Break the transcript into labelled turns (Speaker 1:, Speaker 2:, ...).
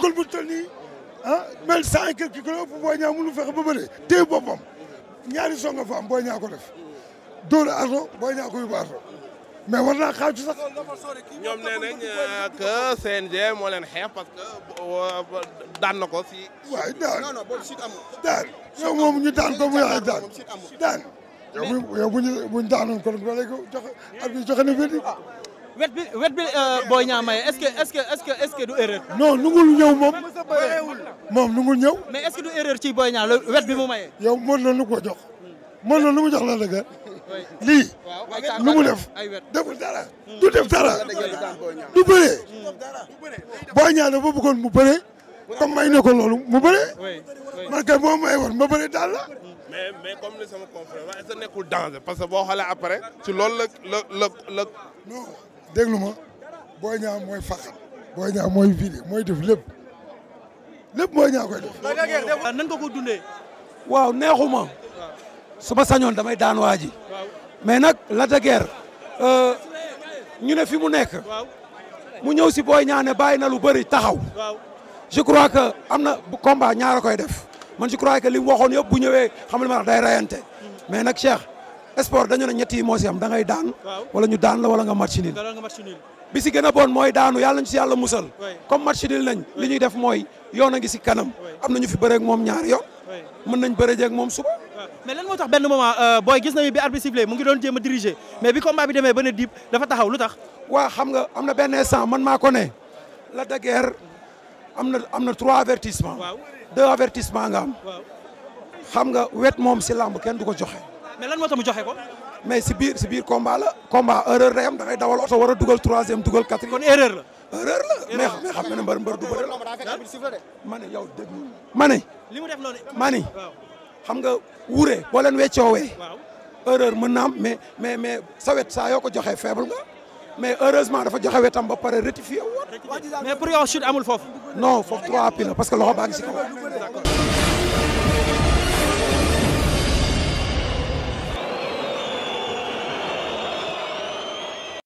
Speaker 1: ponkal bu toll nii ah kër cent et quelques kilos ëpp booy ñaa mënu fexe ba bëre téye ñaari songa fa am booy ñaa ko def dóor ato booy ñaa ko yóbbu ato mais war naa xaaju sax. ñoom nee nañ que
Speaker 2: CNG moo leen xeex parce que euh, daan na ko si. waay daan
Speaker 1: non non boobu sud amul. daan yow ñu daan ko mu yaay daan daan yow bu yow bu ñu bu ñu daanoon kon ba joxe at bi joxe na verdict wet bi wet bi euh, Boy Niang maye est-ce que est-ce que est du erreur. non nungul ñëw moom. moom nungul ñëw. mais est-ce que du erreur ci Boy Niang la wet bi mu maye. yow mën na lu ko jox. mën na lu mu jox la dëgg lii lu mu def deful dara du def dara du bëree Boy Niang dafa bëggoon mu bëree comme may na ko loolu mu bëree man kay moo may woon ma bëree daal mais mais comme li sama confrère wax nekkul danger parce que boo xoolee après ci loolu la la la la déglu ma Boy Niang mooy faxat Boy Niang mooy vidé mooy def lépp lépp Boy Niang koy def. waaw nan nga ko
Speaker 2: dundee. waaw neexuma su sañoon damay daan waa ji mais nag Lac de Guiers euh, ñu ne fi mu nekk mu ñëw si Boy Niang ne bàyyi na lu bëri taxaw je crois que am na combat ñaara koy def man je crois que li mu waxoon yëpp bu ñëwee xam nga day rayante mm. mais nag Cheikh. sport dañu na ñetti yi moo si am da ngay daan wala ñu daan la wala nga match nul gën a bon mooy daanu yàlla ñu si yàlla musal comme match nul nañ li ñuy def mooy yoon a ngi si kanam am nañu fi bëreeg moom ñaari yoon mën nañ bëre jeeg moom suba mais lan moo tax benn moment euh, booy gis nañu bi arbitre sifflé mu ngi doon jéem a diriger mais bi combat bi demee ba ne diib dafa taxaw lu tax waa xam nga am na benn instant man maa ko ne la de guerre am na am na trois avertissement deux avertissement nga am xam nga wet moom si làmb kenn du ko joxe mais lan moo tax mu joxe ko. mais si biir si biir combat la combat erreur day am da ngay oto war a dugal troisième dugal quatrième. kon la. erreur la mais xam nga ne mbër mbër du bëri la. ma ne yow dégg ma li mu def noonu ma ne. xam nga wuure boo leen weccoowee. erreur mën na am mais mais mais sa wet saa yoo ko joxee faible nga. mais heureusement dafa joxe wetam ba pare rectifié woon. mais pour yow chute amul foofu. non foofu trois appuis la parce que loxo baa si kaw.